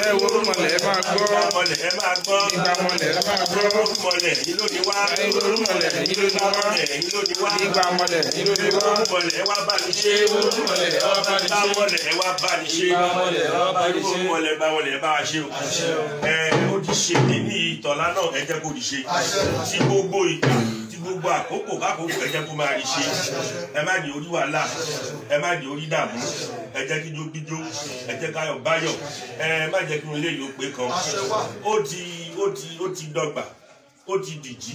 ẹ wo mọlẹ ẹ máa gbọ́ ìgbà mọlẹ ẹ máa gbọ́ èyí ló ní wá ẹ wo mọlẹ èyí ló ní wá èyí ló ní wá ìgbà mọlẹ èyí ló ní wá mọlẹ ẹ wá bá ní ṣe ẹ wo mọlẹ ẹ wá bá ní ṣe mọlẹ ẹ wá bá ní ṣe mọlẹ ẹ wá bá ní ṣe mọlẹ ẹ bá wọlé ẹ bá wa ṣe o ẹ ó ti ṣe ní ìtọ́lá náà ẹ jẹ́ kó ti ṣe tí gbogbo ìgbà gbogbo àkókò kákòókò ẹ jẹ́ kó máa rí ṣe ẹ má ní orí wàhálà ẹ má ní orí dààmú ẹ jẹ́ kí jó bíjó ẹ jẹ́ káyọ̀ báyọ̀ ẹ má jẹ́ kí n lè yọ pé kan ó ti ó ti ó ti dọ́gba ó ti dìjí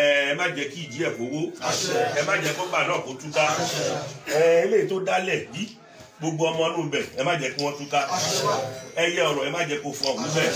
ẹ má jẹ́ kí ìdí ẹ̀ kó wó ẹ má jẹ́ kó gbà náà kó túká ẹ eléyìí tó dálẹ̀ yìí gbogbo ọmọ inú bẹ̀ ẹ má jẹ́ kí wọ́n túká ẹ yẹ ọ̀rọ̀ ẹ má jẹ́ kó fọ òun bẹ̀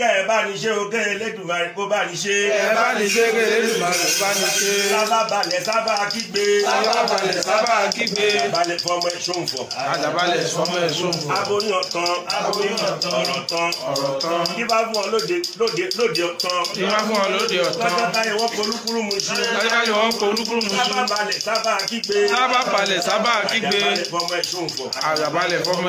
kẹ ẹ bá ní ṣe o kẹ Elédùmarè kó bá ní ṣe. ẹ bá ní ṣe kẹ Elédùmarè kó bá ní ṣe. sábàbalẹ̀ sábà kígbe. sábàbalẹ̀ sábà kígbe. àjàbalẹ̀ fọmọ ẹ̀ ṣòǹfọ̀. àjàbalẹ̀ fọmọ ẹ̀ ṣòǹfọ̀. aboyún ọ̀tán. aboyún ọ̀tán. ọ̀rọ̀ tán. ọ̀rọ̀ tán. kí bá fún ọ lóde lóde lóde ọ̀tán. kí bá fún ọ lóde ọ̀tán. lọ́jọ́ táyé wọ́n kọ mu sí. lọ́jọ́ táyé wọ́n kọ mu sí. sábà kígbe. sábà kígbe. àjàbalẹ̀ fọmọ ẹ̀ ṣòǹfọ̀. àjàbalẹ̀ fọmọ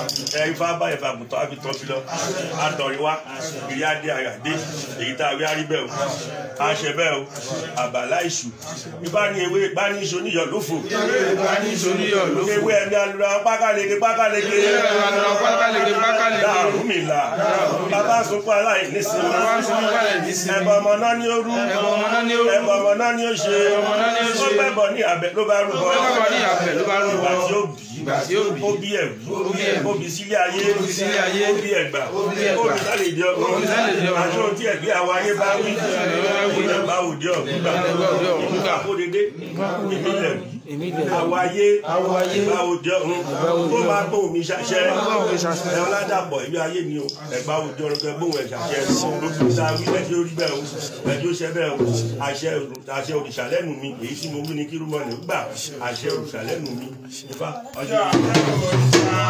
ẹ ifá báyìí fà gùntàn á fi tọ́ fi lọ àtọ̀rìn wá ìyá adé àyàdé èyí tá a wí arí bẹ́ẹ̀ o a ṣe bẹ́ẹ̀ o àbàlá ìṣù ibà ní ewé ibà ní ìṣó níyọ̀ lófo ewé ẹni alura pákàleke pákàleke dàrú mi là bàbá sunkún aláìnísìn ẹ̀bọ̀ ọmọ náà ní orú ẹ̀bọ̀ ọmọ náà ó bẹ̀bọ̀ ní abẹ ó bí obì sílé ayé obì ẹ̀gbà obì sálèdè ọkùnrin aṣọ tí ẹ̀gbé àwọn ayé bá wí ìjọba bá òde ọ̀gbìn gbà nígbà kó dédé ìbílẹ̀ àwọn ayé bá òde ọ̀run tó bá tó omi ṣàṣẹ ẹ̀ ládàpọ̀ ìlú ayé mi o ẹ̀gbà òde ọ̀run kẹ́ gbóhùn ẹ̀ ṣàṣẹ gbogbo ta wí ẹ̀jẹ̀ orí bẹ́ẹ̀ o ẹ̀jẹ̀ ṣẹ bẹ́ẹ̀ o àṣẹ òrìṣà lẹ́nu mi èyí tí mo wí ni kí rúmọ̀ ní gbà àṣẹ òrìṣà mi nípa ọjọ́ ìgbà.